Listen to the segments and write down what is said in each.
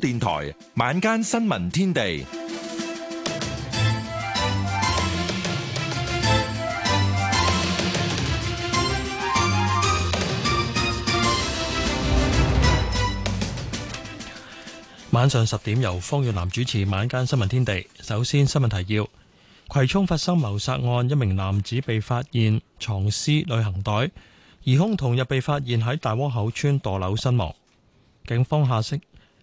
電台晚間新聞天地，晚上十點由方月南主持晚間新聞天地。首先新聞提要：葵涌發生謀殺案，一名男子被發現藏屍旅行袋，疑凶同日被發現喺大窩口村墮樓身亡，警方下識。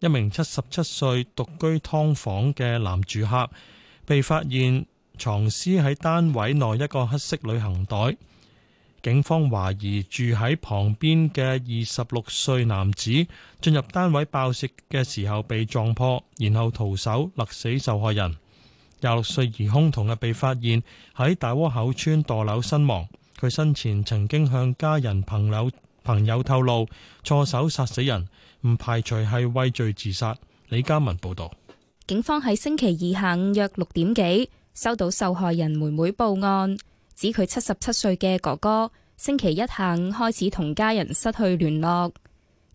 一名七十七歲獨居劏房嘅男住客被發現藏屍喺單位內一個黑色旅行袋。警方懷疑住喺旁邊嘅二十六歲男子進入單位爆竊嘅時候被撞破，然後徒手勒死受害人。廿六歲疑凶同日被發現喺大窩口村墮樓身亡，佢生前曾經向家人、朋友、朋友透露錯手殺死人。唔排除係畏罪自殺。李嘉文報道，警方喺星期二下午約六點幾收到受害人妹妹報案，指佢七十七歲嘅哥哥星期一下午開始同家人失去聯絡，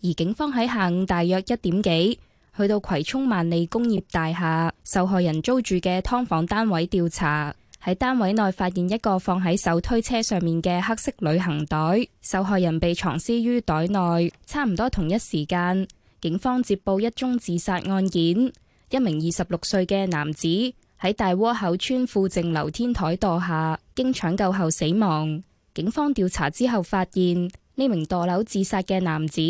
而警方喺下午大約一點幾去到葵涌萬利工業大廈受害人租住嘅劏房單位調查。喺單位內發現一個放喺手推車上面嘅黑色旅行袋，受害人被藏屍於袋內。差唔多同一時間，警方接報一宗自殺案件，一名二十六歲嘅男子喺大窩口村富正樓天台墮下，經搶救後死亡。警方調查之後發現，呢名墮樓自殺嘅男子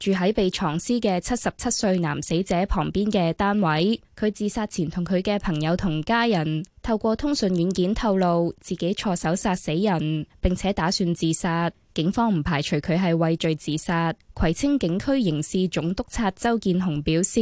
住喺被藏屍嘅七十七歲男死者旁邊嘅單位，佢自殺前同佢嘅朋友同家人透過通訊軟件透露自己錯手殺死人，並且打算自殺，警方唔排除佢係畏罪自殺。葵青警區刑事總督察周建雄表示，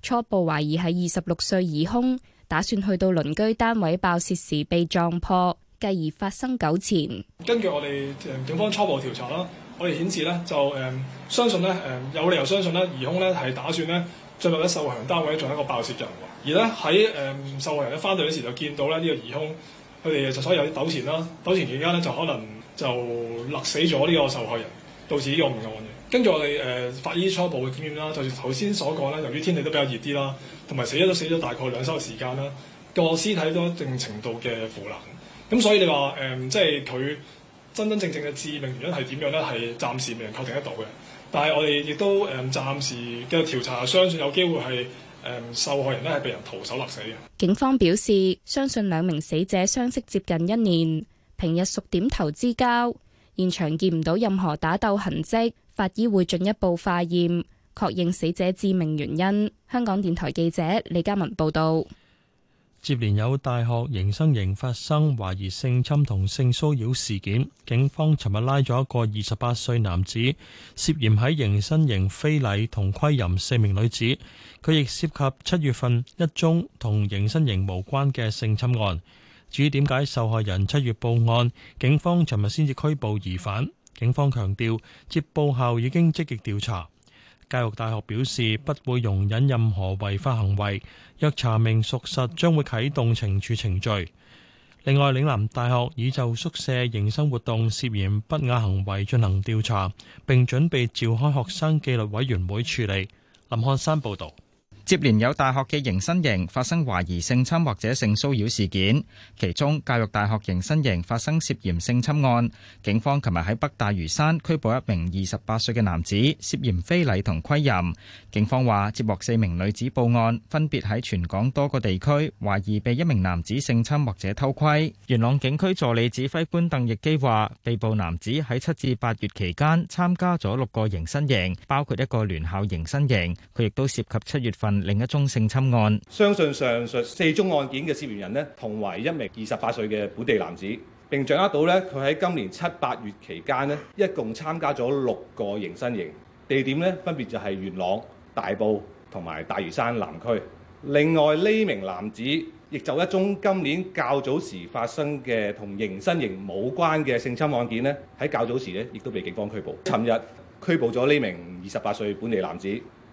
初步懷疑係二十六歲疑兇，打算去到鄰居單位爆竊時被撞破，繼而發生糾纏。根據我哋警方初步調查啦，我哋顯示咧就誒、嗯、相信咧誒、嗯、有理由相信咧疑兇咧係打算咧進入咧受強單位做一個爆竊人。而咧喺誒受害人咧翻到嗰時就見到咧呢、這個疑兇，佢哋就所以有啲糾纏啦，糾纏期間咧就可能就勒死咗呢個受害人。導致呢唔案嘅，跟住我哋誒法醫初步嘅檢驗啦，就頭先所講咧，由於天氣都比較熱啲啦，同埋死咗都死咗大概兩週嘅時間啦，個屍體都一定程度嘅腐爛。咁所以你話誒、呃，即係佢真真正正嘅致命原因係點樣咧？係暫時未能確定得到嘅。但係我哋亦都誒、呃、暫時嘅調查，相信有機會係。誒受害人咧係被人徒手勒死嘅。警方表示，相信兩名死者相識接近一年，平日熟點頭之交。現場見唔到任何打鬥痕跡，法醫會進一步化驗，確認死者致命原因。香港電台記者李嘉文報道。接連有大學迎新營發生懷疑性侵同性騷擾事件，警方尋日拉咗一個二十八歲男子，涉嫌喺迎新營非禮同窺淫四名女子，佢亦涉及七月份一宗同迎新營無關嘅性侵案。至於點解受害人七月報案，警方尋日先至拘捕疑犯，警方強調接報後已經積極調查。教育大學表示不會容忍任何違法行為，若查明屬實，將會啟動懲處程序。另外，嶺南大學已就宿舍迎新活動涉嫌不雅行為進行調查，並準備召開學生紀律委員會處理。林漢山報道。接連有大學嘅迎新營發生懷疑性侵或者性騷擾事件，其中教育大學迎新營發生涉嫌性侵案。警方琴日喺北大嶼山拘捕一名二十八歲嘅男子，涉嫌非禮同窺淫。警方話接獲四名女子報案，分別喺全港多個地區，懷疑被一名男子性侵或者偷窺。元朗警區助理指揮官鄧逸基話，被捕男子喺七至八月期間參加咗六個迎新營，包括一個聯校迎新營，佢亦都涉及七月份。另一宗性侵案，相信上述四宗案件嘅涉嫌人呢，同為一名二十八歲嘅本地男子，並掌握到呢，佢喺今年七八月期間呢一共參加咗六個刑身刑，地點呢分別就係元朗、大埔同埋大嶼山南區。另外呢名男子亦就一宗今年較早時發生嘅同刑身刑冇關嘅性侵案件呢，喺較早時呢亦都被警方拘捕。尋日拘捕咗呢名二十八歲本地男子。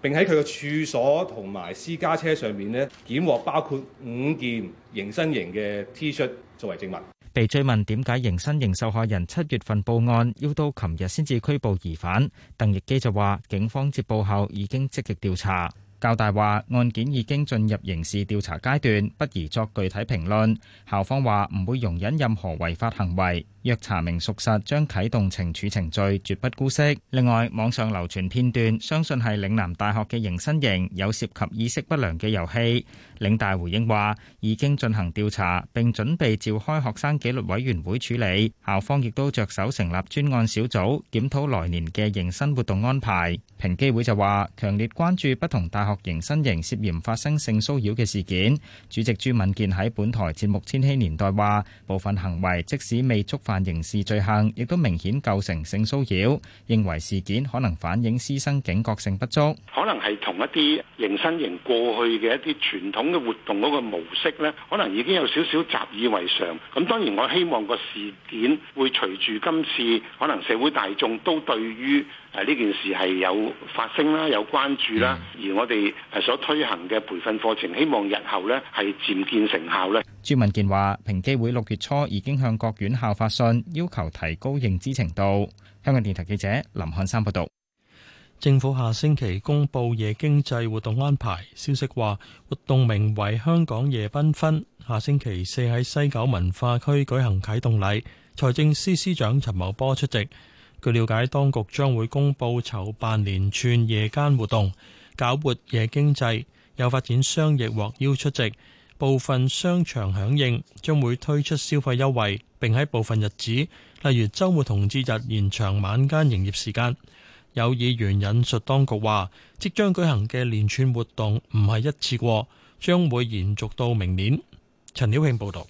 並喺佢嘅處所同埋私家車上面咧，檢獲包括五件迎新營嘅 T 恤作為證物。被追問點解迎新營受害人七月份報案，要到琴日先至拘捕疑犯，鄧亦基就話警方接報後已經積極調查。教大話案件已經進入刑事調查階段，不宜作具體評論。校方話唔會容忍任何違法行為，若查明屬實，將啟動懲處程序，絕不姑息。另外，網上流傳片段相信係嶺南大學嘅迎新營有涉及意識不良嘅遊戲。嶺大回應話已經進行調查，並準備召開學生紀律委員會處理。校方亦都着手成立專案小組，檢討來年嘅迎新活動安排。平機會就話強烈關注不同大學迎新營涉嫌發生性騷擾嘅事件，主席朱敏健喺本台節目《千禧年代》話：部分行為即使未觸犯刑事罪行，亦都明顯構成性騷擾，認為事件可能反映師生警覺性不足。可能係同一啲迎新營過去嘅一啲傳統嘅活動嗰個模式咧，可能已經有少少習以為常。咁當然，我希望個事件會隨住今次可能社會大眾都對於誒呢件事係有發聲啦，有關注啦，而我哋。係所推行嘅培訓課程，希望日後呢係漸見成效呢。朱文健話，平機會六月初已經向各院校發信，要求提高認知程度。香港電台記者林漢山報導。政府下星期公布夜經濟活動安排，消息話活動名為《香港夜繽紛》，下星期四喺西九文化區舉行啟動禮，財政司司長陳茂波出席。據瞭解，當局將會公佈籌辦連串夜間活動。搞活夜經濟，有發展商亦獲邀出席，部分商場響應，將會推出消費優惠，並喺部分日子，例如周末同節日延長晚間營業時間，有議員引述當局話，即將舉行嘅連串活動唔係一次過，將會延續到明年。陳曉慶報道。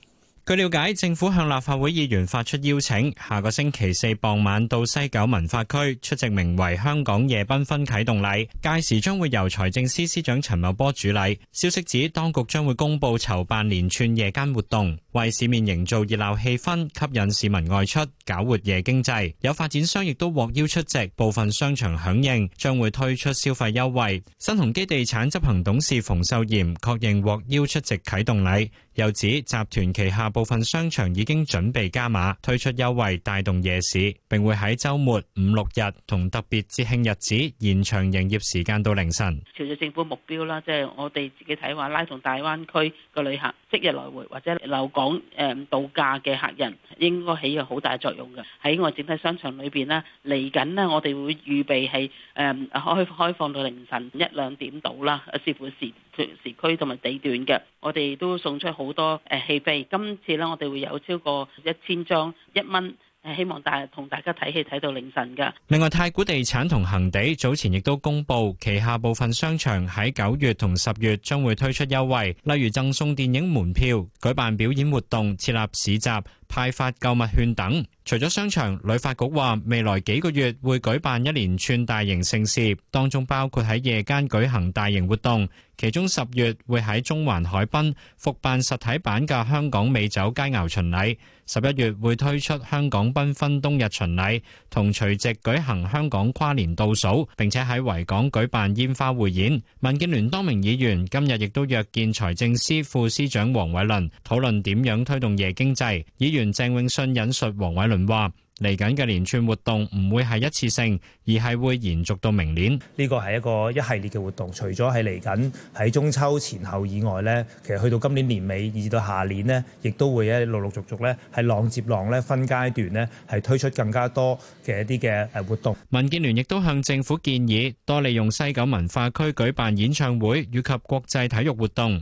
據了解，政府向立法會議員發出邀請，下個星期四傍晚到西九文化區出席名為《香港夜繽紛》啟動禮，屆時將會由財政司司長陳茂波主禮。消息指，當局將會公布籌辦連串夜間活動，為市面營造熱鬧氣氛，吸引市民外出，搞活夜經濟。有發展商亦都獲邀出席，部分商場響應，將會推出消費優惠。新鴻基地產執行董事馮秀賢確認獲邀出席啟動禮。又指集團旗下部分商場已經準備加碼推出優惠，帶動夜市，並會喺週末五六日同特別節慶日子延長營業時間到凌晨。朝着政府目標啦，即係我哋自己睇話拉動大灣區個旅客。即日來回或者留港誒、呃、度假嘅客人，應該起個好大作用嘅。喺我整體商場裏邊呢，嚟緊呢，我哋會預備係誒、呃、開開放到凌晨一兩點到啦、啊，視乎時時區同埋地段嘅。我哋都送出好多誒戲飛，今次呢，我哋會有超過一千張一蚊，希望大同大家睇戲睇到凌晨㗎。另外，太古地產同恆地早前亦都公布旗下部分商場喺九月同十月將會推出優惠，例如贈送電影門票、舉辦表演活動、設立市集、派發購物券等。除咗商場，旅發局話未來幾個月會舉辦一連串大型盛事，當中包括喺夜間舉行大型活動。其中十月會喺中環海濱復辦實體版嘅香港美酒佳肴巡禮，十一月會推出香港繽紛冬日巡禮，同隨即舉行香港跨年倒數，並且喺維港舉辦煙花匯演。民建聯多名議員今日亦都約見財政司副司長黃偉倫，討論點樣推動夜經濟。議員鄭永信引述黃偉倫話。嚟緊嘅連串活動唔會係一次性，而係會延續到明年。呢個係一個一系列嘅活動，除咗係嚟緊喺中秋前後以外呢，其實去到今年年尾，以至到下年呢，亦都會咧陸陸續續，呢係浪接浪，呢分階段，呢係推出更加多嘅一啲嘅誒活動。民建聯亦都向政府建議，多利用西九文化區舉辦演唱會以及國際體育活動。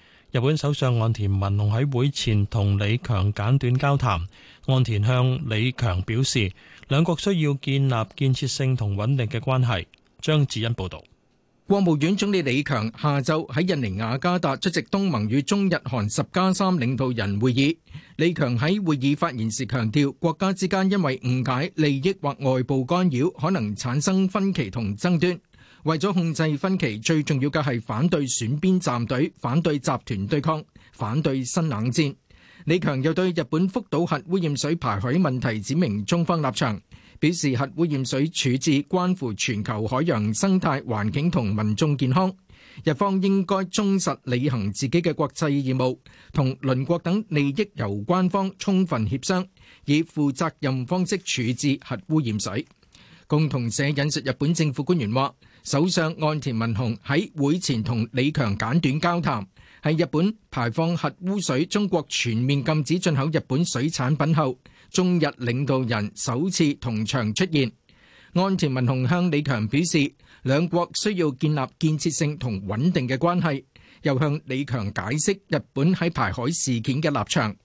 日本首相岸田文雄喺會前同李強簡短交談，岸田向李強表示，兩國需要建立建設性同穩定嘅關係。張智欣報道，國務院總理李強下晝喺印尼雅加達出席東盟與中日韓十加三領導人會議。李強喺會議發言時強調，國家之間因為誤解、利益或外部干擾，可能產生分歧同爭端。為咗控制分歧，最重要嘅係反對選邊站隊，反對集團對抗，反對新冷戰。李強又對日本福島核污染水排海問題指明中方立場，表示核污染水處置關乎全球海洋生態環境同民眾健康，日方應該忠實履行自己嘅國際義務，同鄰國等利益攸關方充分協商，以負責任方式處置核污染水。共同社引述日本政府官員話：首相岸田文雄喺會前同李強簡短交談，喺日本排放核污水、中國全面禁止進口日本水產品後，中日領導人首次同場出現。岸田文雄向李強表示，兩國需要建立建設性同穩定嘅關係，又向李強解釋日本喺排海事件嘅立場。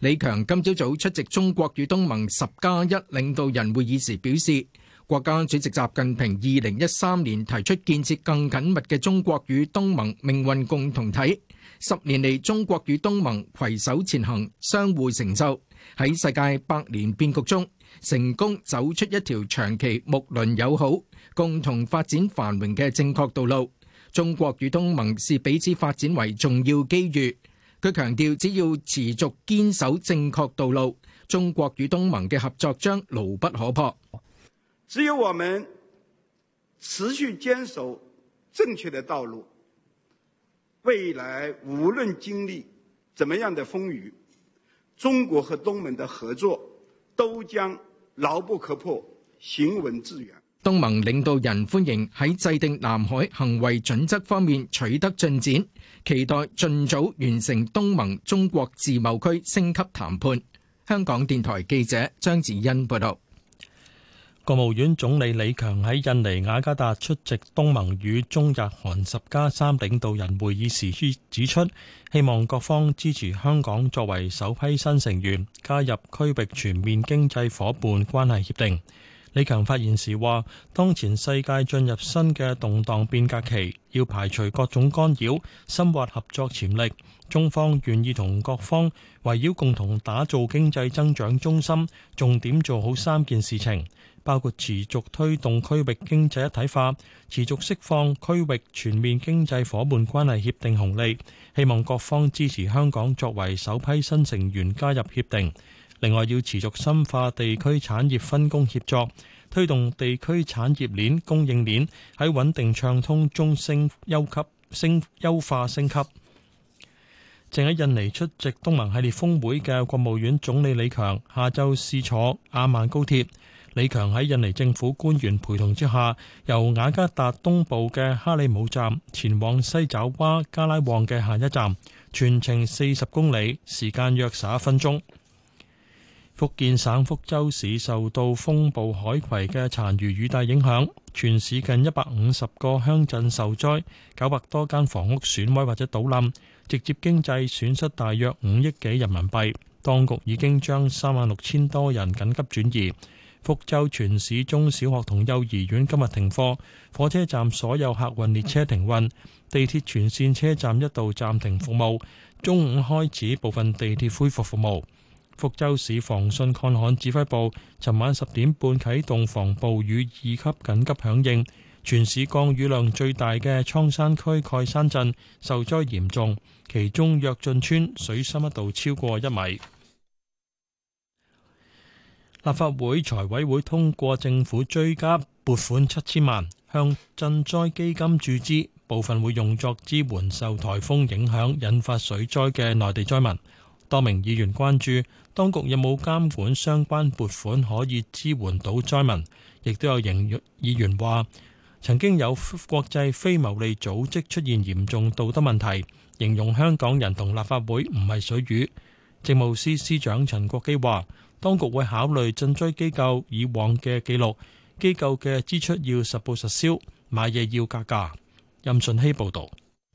李強今朝早出席中國與東盟十加一領導人會議時表示，國家主席習近平二零一三年提出建設更緊密嘅中國與東盟命運共同體。十年嚟，中國與東盟攜手前行，相互成就，喺世界百年變局中成功走出一條長期睦鄰友好、共同發展繁榮嘅正確道路。中國與東盟視彼此發展為重要機遇。佢強調，只要持續堅守正確道路，中國與東盟嘅合作將牢不可破。只有我們持續堅守正確的道路，未來無論經歷怎麼樣的風雨，中國和東盟的合作都將牢不可破，行穩致遠。東盟領導人歡迎喺制定南海行為準則方面取得進展，期待盡早完成東盟中國自貿區升級談判。香港電台記者張子欣報道。國務院總理李強喺印尼雅加達出席東盟與中日韓十加三領導人會議時，指出希望各方支持香港作為首批新成員加入區域全面經濟伙伴關係協定。李強發言時話：當前世界進入新嘅動盪變革期，要排除各種干擾，深挖合作潛力。中方願意同各方圍繞共同打造經濟增長中心，重點做好三件事情。包括持續推動區域經濟一體化，持續釋放區域全面經濟夥伴關係協定紅利，希望各方支持香港作為首批新成員加入協定。另外，要持續深化地區產業分工協作，推動地區產業鏈供應鏈喺穩定暢通中升優級升優化升級。正喺印尼出席東盟系列峯會嘅國務院總理李強，下週試坐亞萬高鐵。李強喺印尼政府官員陪同之下，由雅加達東部嘅哈利姆站前往西爪哇加拉旺嘅下一站，全程四十公里，時間約十一分鐘。福建省福州市受到風暴海葵嘅殘餘雨帶影響，全市近一百五十個鄉鎮受災，九百多間房屋損毀或者倒冧，直接經濟損失大約五億幾人民幣。當局已經將三萬六千多人緊急轉移。福州全市中小學同幼兒園今日停課，火車站所有客運列車停運，地鐵全線車站一度暫停服務，中午開始部分地鐵恢復服務。福州市防汛抗旱指揮部尋晚十點半啟動防暴雨二級緊急響應，全市降雨量最大嘅蒼山區蓋山鎮受災嚴重，其中躍進村水深一度超過一米。立法會財委會通過政府追加撥款七千萬向賑災基金注資，部分會用作支援受台風影響引發水災嘅內地災民。多名議員關注當局有冇監管相關撥款可以支援到災民，亦都有形容議員話，曾經有國際非牟利組織出現嚴重道德問題，形容香港人同立法會唔係水魚。政務司司長陳國基話。當局會考慮賑災機構以往嘅記錄，機構嘅支出要實報實銷，買嘢要格價。任順熙報導。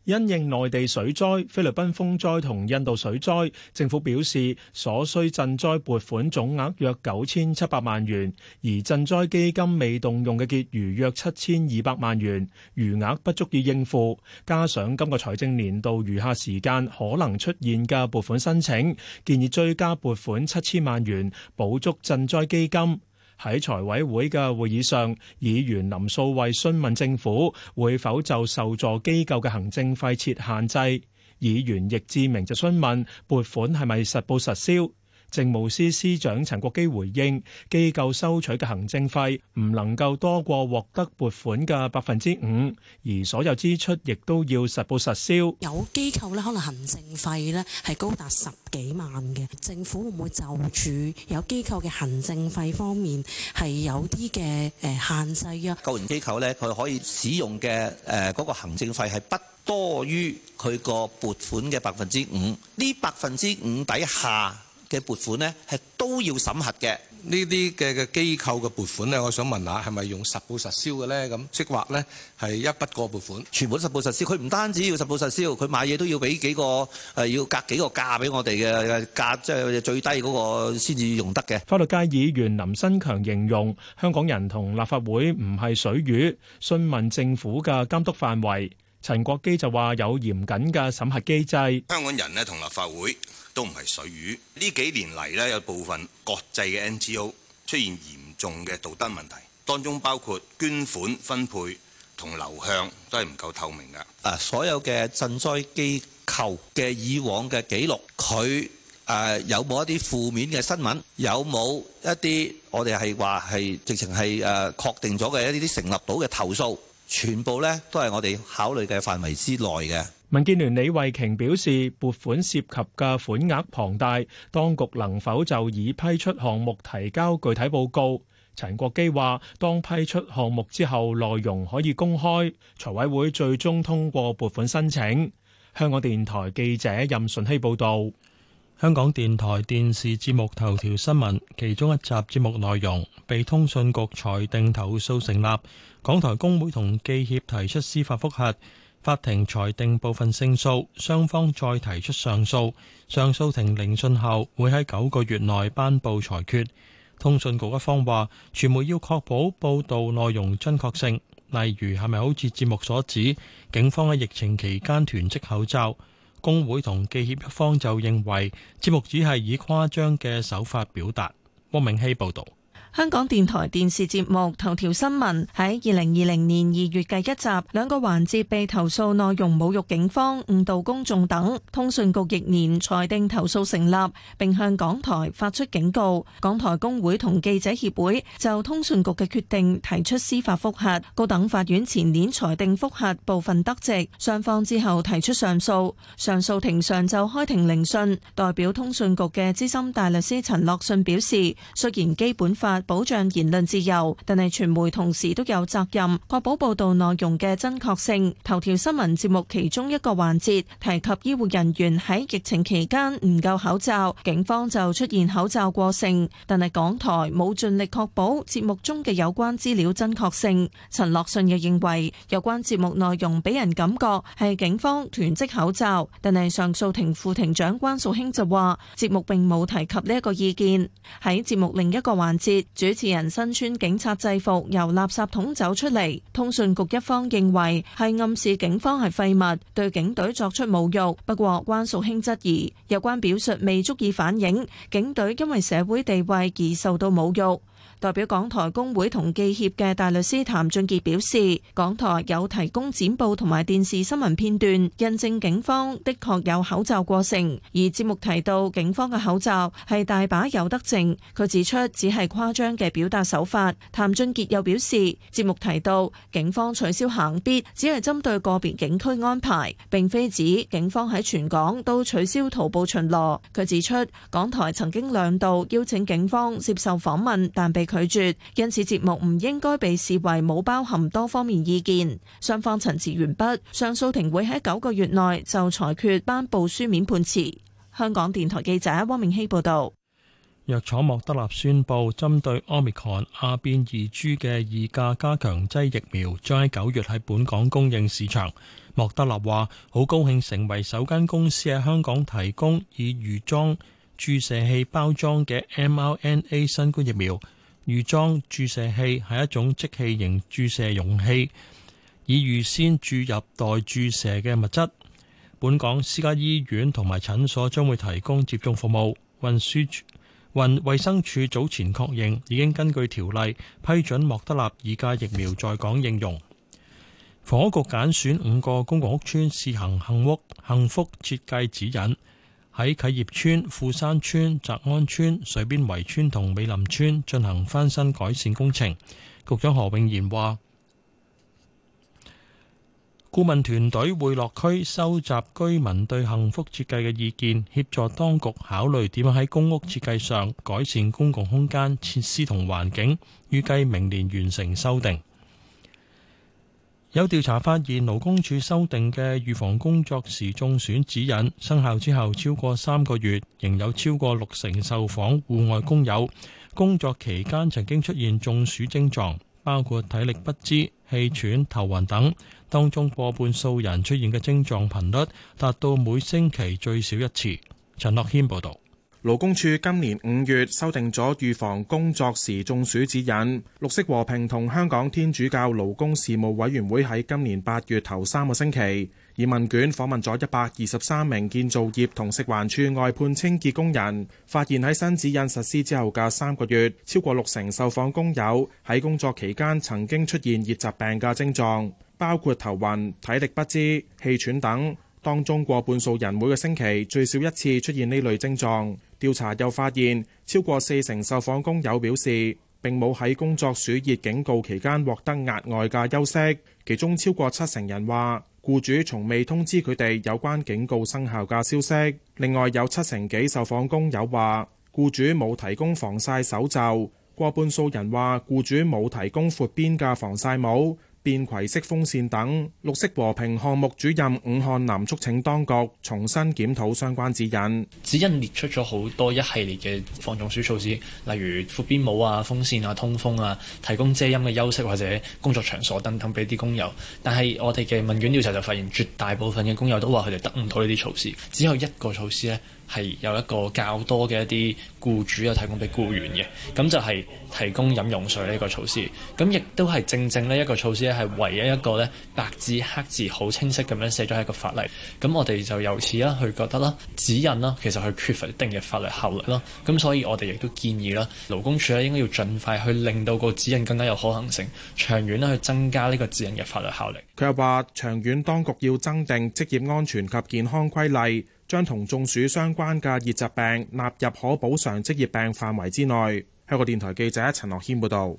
因應內地水災、菲律賓風災同印度水災，政府表示所需賑災撥款總額約九千七百萬元，而賑災基金未動用嘅結餘約七千二百萬元，餘額不足以應付。加上今個財政年度餘下時間可能出現嘅撥款申請，建議追加撥款七千萬元，補足賑災基金。喺財委會嘅會議上，議員林素慧詢問政府會否就受助機構嘅行政費設限制。議員易志明就詢問撥款係咪實報實銷。政務司司長陳國基回應：機構收取嘅行政費唔能夠多過獲得撥款嘅百分之五，而所有支出亦都要實報實銷。有機構咧，可能行政費咧係高達十幾萬嘅，政府會唔會就住有機構嘅行政費方面係有啲嘅誒，限制啊？救援機構咧，佢可以使用嘅誒，嗰個行政費係不多於佢個撥款嘅百分之五。呢百分之五底下，嘅撥款呢，係都要審核嘅。呢啲嘅嘅機構嘅撥款呢，我想問下，係咪用實報實銷嘅咧？咁即或呢，係一筆過撥款？全部都實報實銷。佢唔單止要實報實銷，佢買嘢都要俾幾個係、呃、要隔幾個價俾我哋嘅價，即係最低嗰個先至用得嘅。法律界議員林新強形容香港人同立法會唔係水魚，詢問政府嘅監督範圍。陳國基就話有嚴謹嘅審核機制。香港人呢，同立法會都唔係水魚。呢幾年嚟呢，有部分國際嘅 NGO 出現嚴重嘅道德問題，當中包括捐款分配同流向都係唔夠透明㗎。啊，所有嘅喺賑災機構嘅以往嘅記錄，佢誒有冇一啲負面嘅新聞？有冇一啲我哋係話係直情係誒確定咗嘅一啲啲成立到嘅投訴？全部咧都係我哋考慮嘅範圍之內嘅。民建聯李慧瓊表示，撥款涉及嘅款額龐大，當局能否就已批出項目提交具體報告？陳國基話：當批出項目之後，內容可以公開，財委會最終通過撥款申請。香港電台記者任順希報導。香港電台電視節目頭條新聞其中一集節目內容被通訊局裁定投訴成立，港台工會同記協提出司法複核，法庭裁定部分勝訴，雙方再提出上訴，上訴庭聆訊後會喺九個月內頒布裁決。通訊局一方話傳媒要確保報道內容準確性，例如係咪好似節目所指，警方喺疫情期間囤積口罩。工會同記協一方就認為節目只係以誇張嘅手法表達。汪明希報道。香港電台電視節目頭《頭條新聞》喺二零二零年二月嘅一集，兩個環節被投訴內容侮辱警方、誤導公眾等。通訊局翌年裁定投訴成立，並向港台發出警告。港台工會同記者協會就通訊局嘅決定提出司法覆核。高等法院前年裁定覆核部分得直，上方之後提出上訴。上訴庭上晝開庭聆訊，代表通訊局嘅資深大律師陳樂信表示，雖然基本法。保障言論自由，但係傳媒同時都有責任確保報道內容嘅真確性。頭條新聞節目其中一個環節提及醫護人員喺疫情期間唔夠口罩，警方就出現口罩過剩，但係港台冇盡力確保節目中嘅有關資料真確性。陳樂信又認為有關節目內容俾人感覺係警方囤積口罩，但係上訴庭副庭長關素卿就話節目並冇提及呢一個意見。喺節目另一個環節，主持人身穿警察制服，由垃圾桶走出嚟。通訊局一方認為係暗示警方係廢物，對警隊作出侮辱。不過關淑卿質疑，有關表述未足以反映警隊因為社會地位而受到侮辱。代表港台工會同記協嘅大律師譚俊傑表示，港台有提供剪報同埋電視新聞片段，印證警方的確有口罩過剩。而節目提到警方嘅口罩係大把有得剩，佢指出只係誇張嘅表達手法。譚俊傑又表示，節目提到警方取消行必，只係針對個別警區安排，並非指警方喺全港都取消徒步巡邏。佢指出，港台曾經兩度邀請警方接受訪問，但被拒絕，因此節目唔應該被視為冇包含多方面意見。雙方陳詞完畢，上訴庭會喺九個月內就裁決，頒布書面判詞。香港電台記者汪明熙報道。藥廠莫德納宣布，針對奧密克戎亞變異株嘅二價加強劑疫苗將喺九月喺本港供應市場。莫德納話好高興成為首間公司喺香港提供以預裝注射器包裝嘅 mRNA 新冠疫苗。預裝注射器係一種即棄型注射容器，以預先注入待注射嘅物質。本港私家醫院同埋診所將會提供接種服務。運輸運衛生署早前確認，已經根據條例批准莫德納二價疫苗在港應用。房屋局揀選五個公共屋邨，試行幸屋幸福設計指引。喺啟業村、富山村、澤安村、水邊圍村同美林村進行翻新改善工程。局長何永賢話，顧問團隊會落區收集居民對幸福設計嘅意見，協助當局考慮點樣喺公屋設計上改善公共空間設施同環境。預計明年完成修訂。有調查發現，勞工處修訂嘅預防工作時中暑指引生效之後，超過三個月，仍有超過六成受訪戶外工友工作期間曾經出現中暑症狀，包括體力不支、氣喘、頭暈等，當中過半數人出現嘅症狀頻率達到每星期最少一次。陳樂軒報導。勞工處今年五月修訂咗預防工作時中暑指引。綠色和平同香港天主教勞工事務委員會喺今年八月頭三個星期以問卷訪問咗一百二十三名建造業同食環處外判清潔工人，發現喺新指引實施之後嘅三個月，超過六成受訪工友喺工作期間曾經出現熱疾病嘅症狀，包括頭暈、體力不支、氣喘等。當中過半數人每個星期最少一次出現呢類症狀。調查又發現，超過四成受訪工友表示並冇喺工作暑熱警告期間獲得額外嘅休息，其中超過七成人話雇主從未通知佢哋有關警告生效嘅消息。另外有七成幾受訪工友話，雇主冇提供防曬手袖。過半數人話雇主冇提供闊邊嘅防曬帽。便攜式風扇等，綠色和平項目主任伍漢南促請當局重新檢討相關指引，指引列出咗好多一系列嘅防中暑措施，例如闊邊帽啊、風扇啊、通風啊、提供遮陰嘅休息或者工作場所等等俾啲工友。但係我哋嘅問卷調查就發現，絕大部分嘅工友都話佢哋得唔到呢啲措施，只有一個措施呢。係有一個較多嘅一啲僱主有提供俾僱員嘅，咁就係提供飲用水呢一個措施。咁亦都係正正呢一個措施咧，係唯一一個呢，白字黑字好清晰咁樣寫咗喺一個法例。咁我哋就由此啦，去覺得啦，指引啦，其實係缺乏一定嘅法律效力咯。咁所以我哋亦都建議啦，勞工處呢應該要盡快去令到個指引更加有可行性，長遠呢去增加呢個指引嘅法律效力。佢又話長遠當局要增訂職業安全及健康規例。將同中暑相關嘅熱疾病納入可補償職業病範圍之內。香港電台記者陳樂謙報道：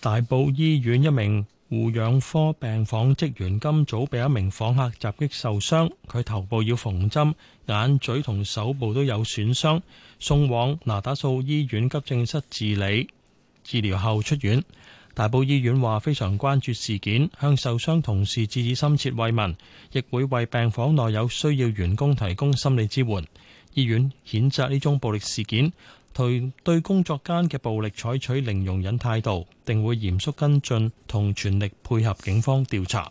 大埔醫院一名護養科病房職員今早被一名訪客襲擊受傷，佢頭部要縫針，眼嘴同手部都有損傷，送往拿打素醫院急症室治理，治療後出院。大埔醫院話非常關注事件，向受傷同事致以深切慰問，亦會為病房內有需要員工提供心理支援。醫院譴責呢種暴力事件，同對，對工作間嘅暴力採取零容忍態度，定會嚴肅跟進同全力配合警方調查。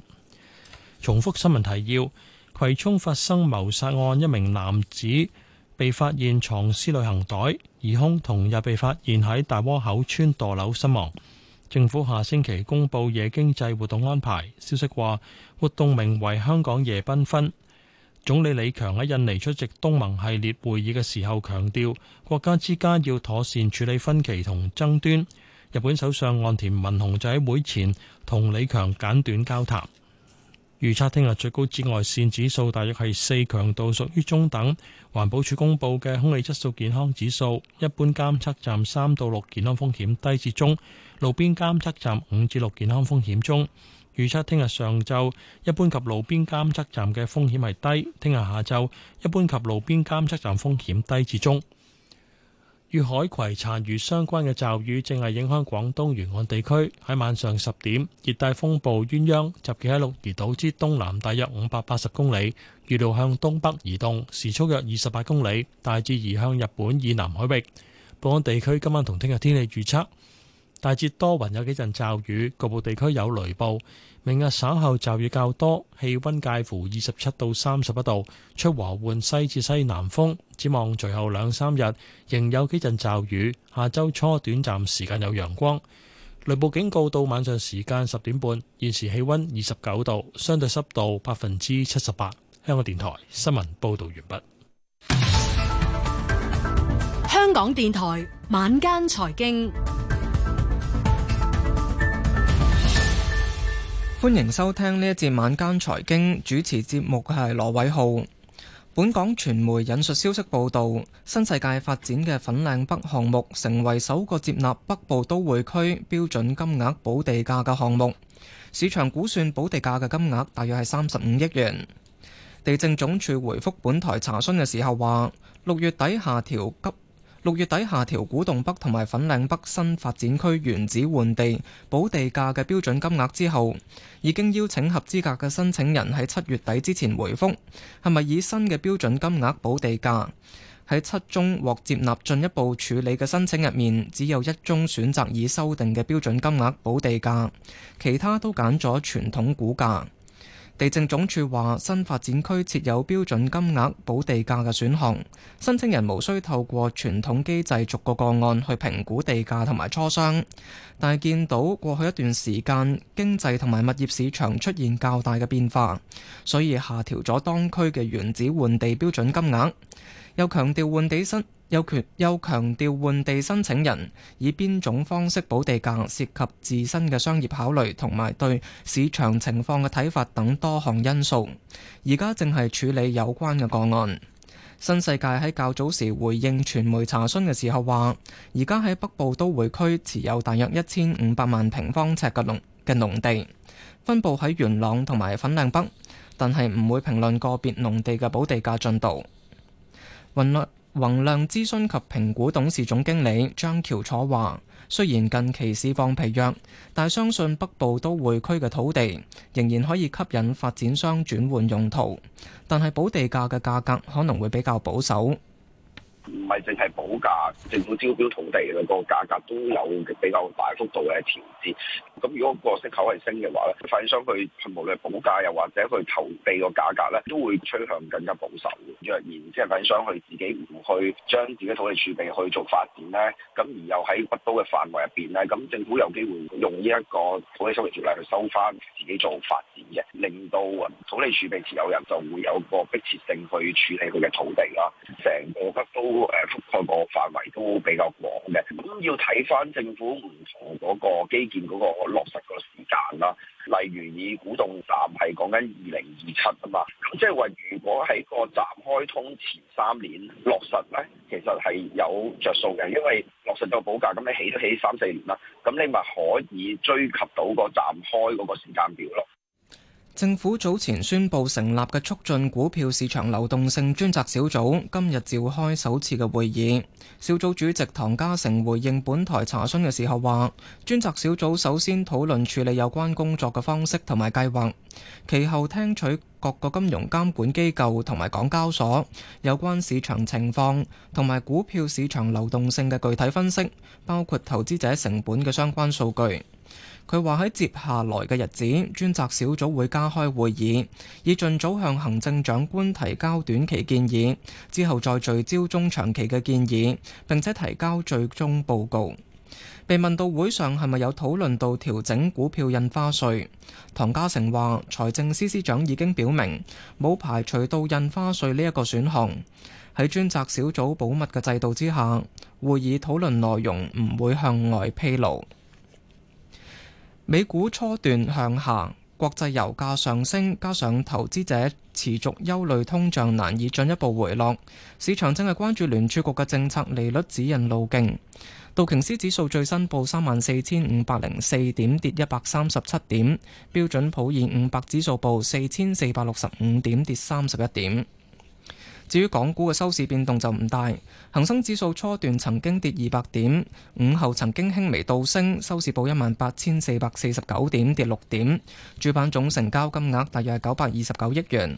重複新聞提要：葵涌發生謀殺案，一名男子被發現藏屍旅行袋，疑兇同日被發現喺大窩口村墮樓身亡。政府下星期公布夜經濟活動安排，消息話活動名為《香港夜繽紛》。總理李強喺印尼出席東盟系列會議嘅時候強調，國家之間要妥善處理分歧同爭端。日本首相岸田文雄就喺會前同李強簡短交談。預測聽日最高紫外線指數大約係四，強度屬於中等。環保署公布嘅空氣質素健康指數，一般監測站三到六，健康風險低至中。路邊監測站五至六，健康風險中。預測聽日上晝一般及路邊監測站嘅風險係低。聽日下晝一般及路邊監測站風險低至中。與海葵殘餘相關嘅驟雨正係影響廣東沿岸地區。喺晚上十點，熱帶風暴鴛鴦集結喺鹿兒島之東南，大約五百八十公里，預料向東北移動，時速約二十八公里，大致移向日本以南海域。本港地區今晚同聽日天氣預測。大致多雲，有幾陣驟雨，局部地區有雷暴。明日稍後驟雨較多，氣溫介乎二十七到三十一度，出和緩西至西南風。展望隨後兩三日仍有幾陣驟雨，下周初短暫時間有陽光。雷暴警告到晚上時間十點半。現時氣溫二十九度，相對濕度百分之七十八。香港電台新聞報道完畢。香港電台晚間財經。歡迎收聽呢一節晚間財經，主持節目嘅係羅偉浩。本港傳媒引述消息報道，新世界發展嘅粉嶺北項目成為首個接納北部都會區標準金額補地價嘅項目。市場估算補地價嘅金額大約係三十五億元。地政總署回覆本台查詢嘅時候話，六月底下調急。六月底下調古洞北同埋粉嶺北新發展區原址換地補地價嘅標準金額之後，已經邀請合資格嘅申請人喺七月底之前回覆，係咪以新嘅標準金額補地價。喺七宗獲接納進一步處理嘅申請入面，只有一宗選擇以修訂嘅標準金額補地價，其他都揀咗傳統估價。地政總署話：新發展區設有標準金額補地價嘅選項，申請人無需透過傳統機制逐個個案去評估地價同埋磋商。但係見到過去一段時間經濟同埋物業市場出現較大嘅變化，所以下調咗當區嘅原址換地標準金額，又強調換地新。佢又強調，換地申請人以邊種方式補地價，涉及自身嘅商業考慮同埋對市場情況嘅睇法等多項因素。而家正係處理有關嘅個案。新世界喺較早時回應傳媒查詢嘅時候話，而家喺北部都會區持有大約一千五百萬平方尺嘅農嘅農地，分佈喺元朗同埋粉嶺北，但係唔會評論個別農地嘅補地價進度。雲律。宏亮諮詢及評估董事總經理張喬楚話：雖然近期市況疲弱，但相信北部都會區嘅土地仍然可以吸引發展商轉換用途，但係補地價嘅價格可能會比較保守。唔係淨係補價，政府招標土地嘅個價格都有比較大幅度嘅調節。咁如果個息口係升嘅話咧，發展商去佢無論係補價又或者佢投地個價格咧，都會趨向更加保守嘅。若然即係發展商佢自己唔去將自己土地儲備去做發展咧，咁而又喺北都嘅範圍入邊咧，咁政府有機會用呢一個土地收益條例去收翻自己做發展嘅。令到土地儲備持有人就會有個迫切性去處理佢嘅土地啦，成個北都覆蓋個範圍都比較廣嘅。咁要睇翻政府唔同嗰個基建嗰個落實個時間啦。例如以古洞站係講緊二零二七啊嘛，咁即係話如果喺個站開通前三年落實咧，其實係有着數嘅，因為落實到補價咁，你起都起三四年啦，咁你咪可以追及到個站開嗰個時間表咯。政府早前宣布成立嘅促進股票市場流動性專責小組今日召開首次嘅會議，小組主席唐家成回應本台查詢嘅時候話，專責小組首先討論處理有關工作嘅方式同埋計劃，其後聽取各個金融監管機構同埋港交所有關市場情況同埋股票市場流動性嘅具體分析，包括投資者成本嘅相關數據。佢話：喺接下來嘅日子，專責小組會加開會議，以盡早向行政長官提交短期建議，之後再聚焦中長期嘅建議，並且提交最終報告。被問到會上係咪有討論到調整股票印花稅，唐家成話：財政司司長已經表明冇排除到印花稅呢一個選項。喺專責小組保密嘅制度之下，會議討論內容唔會向外披露。美股初段向下，國際油價上升，加上投資者持續憂慮通脹難以進一步回落，市場正係關注聯儲局嘅政策利率指引路徑。道瓊斯指數最新報三萬四千五百零四點，跌一百三十七點；標準普爾五百指數報四千四百六十五點，跌三十一點。至於港股嘅收市變動就唔大，恒生指數初段曾經跌二百點，午後曾經輕微倒升，收市報一萬八千四百四十九點，跌六點。主板總成交金額大約九百二十九億元。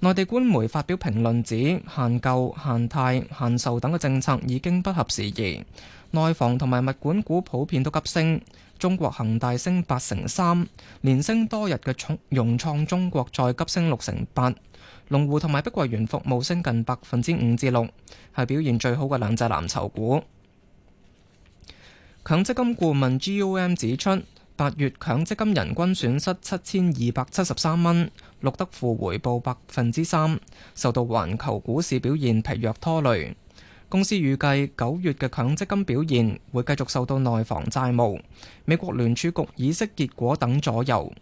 內地官媒發表評論指，限購、限貸、限售等嘅政策已經不合時宜。內房同埋物管股普遍都急升，中國恒大升八成三，連升多日嘅創融創中國再急升六成八，龍湖同埋碧桂園服務升近百分之五至六，係表現最好嘅兩隻藍籌股。強積金顧問 GUM 指出，八月強積金人均損失七千二百七十三蚊，錄得負回報百分之三，3, 受到環球股市表現疲弱拖累。公司預計九月嘅強積金表現會繼續受到內房債務、美國聯儲局議息結果等左右。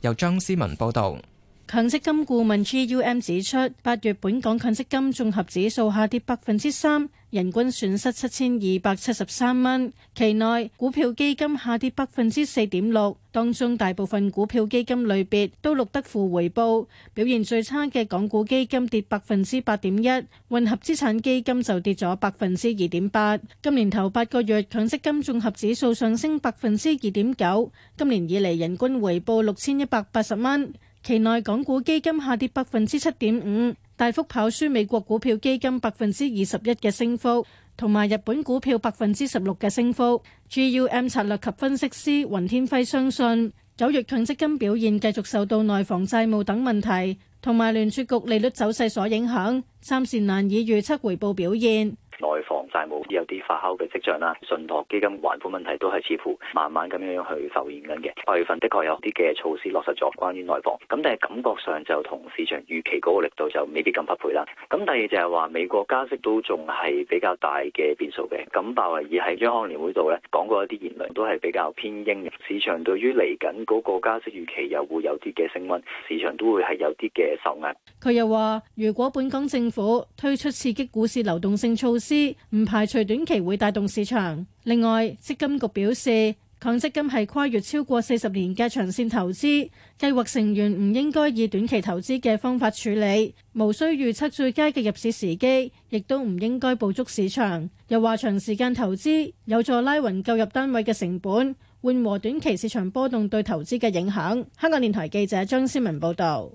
由張思文報導。強積金顧問 G.U.M 指出，八月本港強積金綜合指數下跌百分之三，人均損失七千二百七十三蚊。期內股票基金下跌百分之四點六，當中大部分股票基金類別都錄得負回報，表現最差嘅港股基金跌百分之八點一，混合資產基金就跌咗百分之二點八。今年頭八個月強積金綜合指數上升百分之二點九，今年以嚟人均回報六千一百八十蚊。期內港股基金下跌百分之七點五，大幅跑輸美國股票基金百分之二十一嘅升幅，同埋日本股票百分之十六嘅升幅。GUM 策略及分析師雲天輝相信，九月強積金表現繼續受到內房債務等問題，同埋聯儲局利率走勢所影響，暫時難以預測回報表現。內房債務有啲發酵嘅跡象啦，信託基金還款問題都係似乎慢慢咁樣樣去浮現緊嘅。八月份的確有啲嘅措施落實咗關於內房，咁但係感覺上就同市場預期嗰個力度就未必咁匹配啦。咁第二就係話美國加息都仲係比較大嘅變數嘅。咁鮑威爾喺央行年會度咧講過一啲言論都係比較偏鷹嘅，市場對於嚟緊嗰個加息預期又會有啲嘅升溫，市場都會係有啲嘅受壓，佢又話如果本港政府推出刺激股市流動性措施，排除短期會帶動市場。另外，積金局表示，強積金係跨越超過四十年嘅長線投資計劃，成員唔應該以短期投資嘅方法處理，無需預測最佳嘅入市時機，亦都唔應該捕捉市場，又話長時間投資有助拉匀購入單位嘅成本，緩和短期市場波動對投資嘅影響。香港電台記者張思文報道。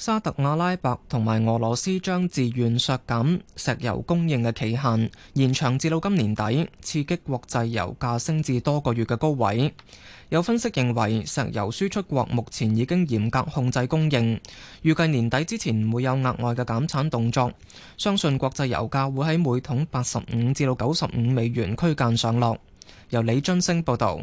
沙特阿拉伯同埋俄羅斯將自願削減石油供應嘅期限延長至到今年底，刺激國際油價升至多個月嘅高位。有分析認為石油輸出國目前已經嚴格控制供應，預計年底之前唔會有額外嘅減產動作，相信國際油價會喺每桶八十五至到九十五美元區間上落。由李津升報道。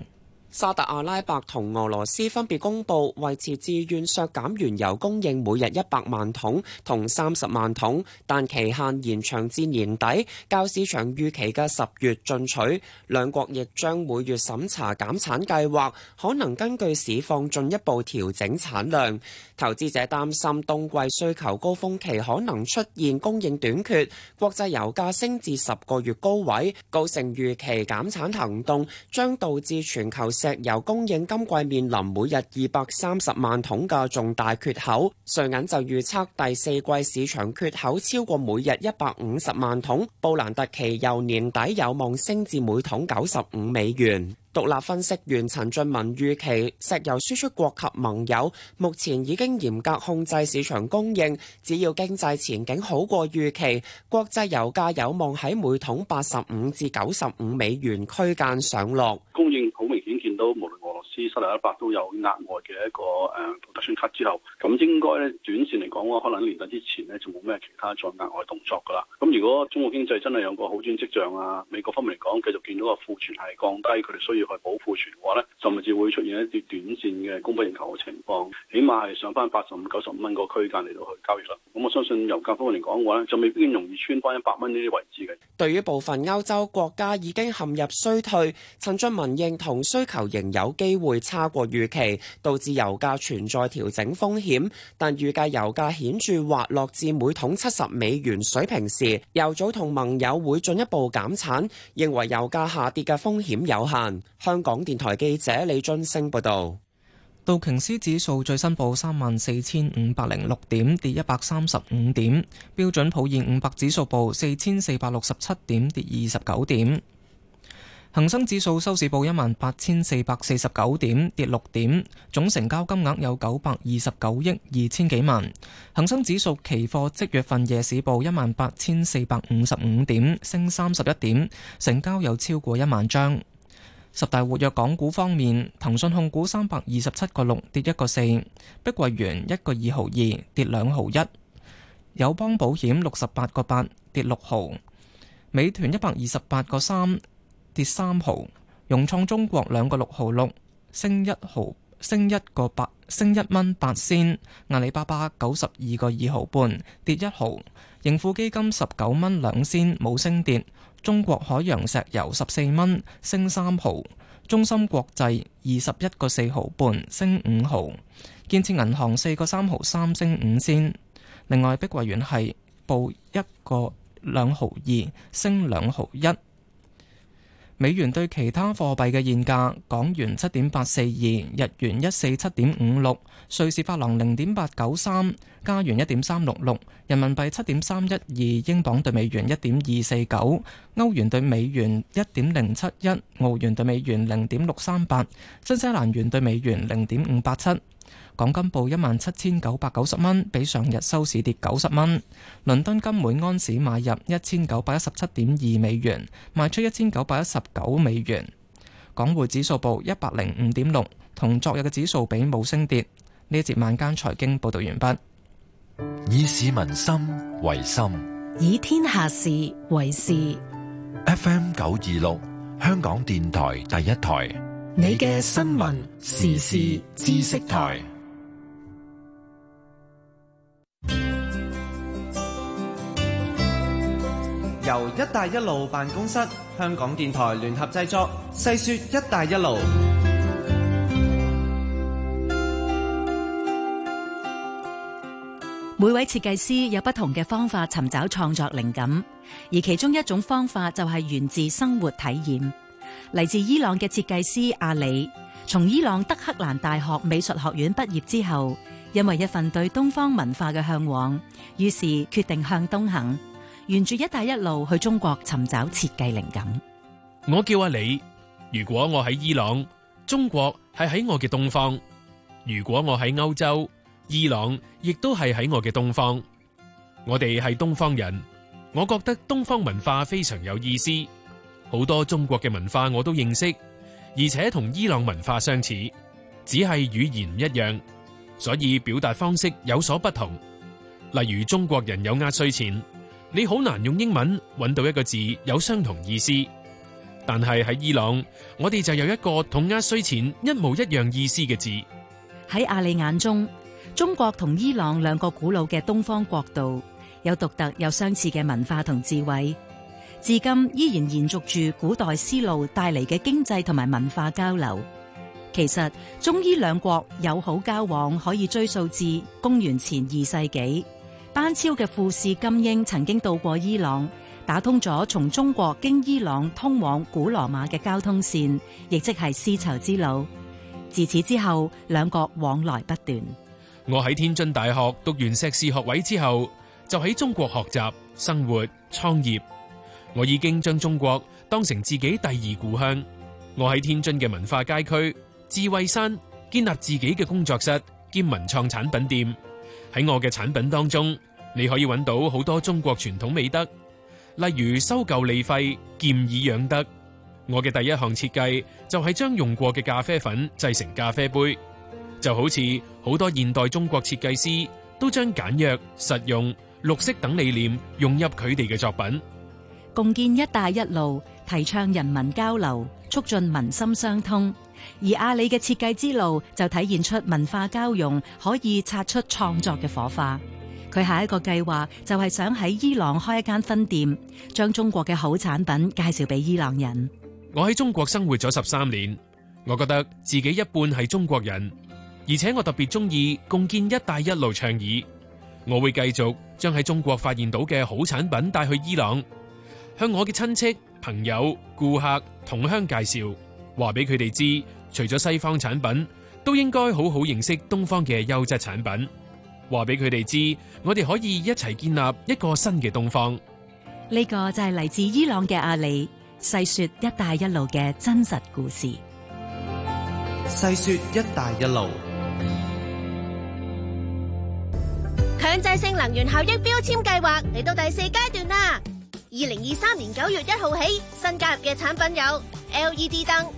沙特阿拉伯同俄羅斯分別公布維持自願削減原油供應每日一百萬桶同三十萬桶，但期限延長至年底，較市場預期嘅十月進取。兩國亦將每月審查減產計劃，可能根據市況進一步調整產量。投資者擔心冬季需求高峰期可能出現供應短缺，國際油價升至十個月高位，高盛預期減產行動將導致全球石油供應今季面臨每日二百三十萬桶嘅重大缺口。瑞銀就預測第四季市場缺口超過每日一百五十萬桶，布蘭特期油年底有望升至每桶九十五美元。獨立分析員陳俊文預期，石油輸出國及盟友目前已經嚴格控制市場供應，只要經濟前景好過預期，國際油價有望喺每桶八十五至九十五美元區間上落。供應好明顯見到冇。無論失零一百都有額外嘅一個誒，套息升之後，咁應該咧短線嚟講嘅話，可能年尾之前呢，就冇咩其他再額外動作噶啦。咁如果中國經濟真係有個好轉跡象啊，美國方面嚟講繼續見到個庫存係降低，佢哋需要去保庫存嘅話咧，甚至會出現一啲短線嘅供不應求嘅情況。起碼係上翻八十五、九十五蚊個區間嚟到去交易啦。咁我相信油價方面嚟講嘅話咧，就未必容易穿翻一百蚊呢啲位置嘅。對於部分歐洲國家已經陷入衰退，陳俊文認同需求仍有機會。會差過預期，導致油價存在調整風險。但預計油價顯著滑落至每桶七十美元水平時，油組同盟友會進一步減產，認為油價下跌嘅風險有限。香港電台記者李津升報道。道瓊斯指數最新報三萬四千五百零六點，跌一百三十五點。標準普爾五百指數報四千四百六十七點，跌二十九點。恒生指數收市報一萬八千四百四十九點，跌六點，總成交金額有九百二十九億二千幾萬。恒生指數期貨即月份夜市報一萬八千四百五十五點，升三十一點，成交有超過一萬張。十大活躍港股方面，騰訊控股三百二十七個六跌一個四，碧桂園一個二毫二跌兩毫一，友邦保險六十八個八跌六毫，美團一百二十八個三。跌三毫，融創中國兩個六毫六，升一毫，升一個八，升一蚊八仙。阿里巴巴九十二個二毫半，跌一毫。盈富基金十九蚊兩仙，冇升跌。中國海洋石油十四蚊，升三毫。中芯國際二十一個四毫半，升五毫。建設銀行四個三毫三，升五仙。另外，碧桂園係報一個兩毫二，升兩毫一。美元兌其他貨幣嘅現價：港元七點八四二，日元一四七點五六，瑞士法郎零點八九三，加元一點三六六，人民幣七點三一二，英鎊對美元一點二四九，歐元對美元一點零七一，澳元對美元零點六三八，新西蘭元對美元零點五八七。港金報一萬七千九百九十蚊，比上日收市跌九十蚊。倫敦金每安士買入一千九百一十七點二美元，賣出一千九百一十九美元。港匯指數報一百零五點六，同昨日嘅指數比冇升跌。呢一節晚間財經報道完畢。以市民心為心，以天下事為事。FM 九二六，香港電台第一台，你嘅新聞時事知識台。由“一帶一路”辦公室、香港電台聯合製作，細說“一帶一路”。每位設計師有不同嘅方法尋找創作靈感，而其中一種方法就係源自生活體驗。嚟自伊朗嘅設計師阿里，從伊朗德黑蘭大學美術學院畢業之後，因為一份對東方文化嘅向往，於是決定向東行。沿住一帶一路去中國尋找設計靈感。我叫阿李。如果我喺伊朗，中國係喺我嘅東方；如果我喺歐洲，伊朗亦都係喺我嘅東方。我哋係東方人，我覺得東方文化非常有意思。好多中國嘅文化我都認識，而且同伊朗文化相似，只係語言唔一樣，所以表達方式有所不同。例如，中國人有壓歲錢。你好難用英文揾到一個字有相同意思，但係喺伊朗，我哋就有一個同壓歲錢一模一樣意思嘅字。喺阿里眼中，中國同伊朗兩個古老嘅東方國度，有獨特又相似嘅文化同智慧，至今依然延續住古代絲路帶嚟嘅經濟同埋文化交流。其實中伊兩國友好交往可以追溯至公元前二世紀。班超嘅副使甘英曾經到過伊朗，打通咗從中國經伊朗通往古羅馬嘅交通線，亦即係絲綢之路。自此之後，兩國往來不斷。我喺天津大學讀完碩士學位之後，就喺中國學習、生活、創業。我已經將中國當成自己第二故鄉。我喺天津嘅文化街區智慧山建立自己嘅工作室兼文創產品店。喺我嘅產品當中，你可以揾到好多中國傳統美德，例如收舊利廢、儉以養德。我嘅第一項設計就係將用過嘅咖啡粉製成咖啡杯，就好似好多現代中國設計師都將簡約、實用、綠色等理念融入佢哋嘅作品。共建一帶一路，提倡人民交流，促進民心相通。而阿里嘅設計之路就體現出文化交融可以擦出創作嘅火花。佢下一個計劃就係想喺伊朗開一間分店，將中國嘅好產品介紹俾伊朗人。我喺中國生活咗十三年，我覺得自己一半係中國人，而且我特別中意共建一帶一路倡議。我會繼續將喺中國發現到嘅好產品帶去伊朗，向我嘅親戚、朋友、顧客、同鄉介紹。話俾佢哋知，除咗西方產品，都應該好好認識東方嘅優質產品。話俾佢哋知，我哋可以一齊建立一個新嘅東方。呢個就係嚟自伊朗嘅阿里細說“一帶一路”嘅真實故事。細說“一帶一路”，強制性能源效益標籤計劃嚟到第四階段啦。二零二三年九月一號起，新加入嘅產品有 LED 燈。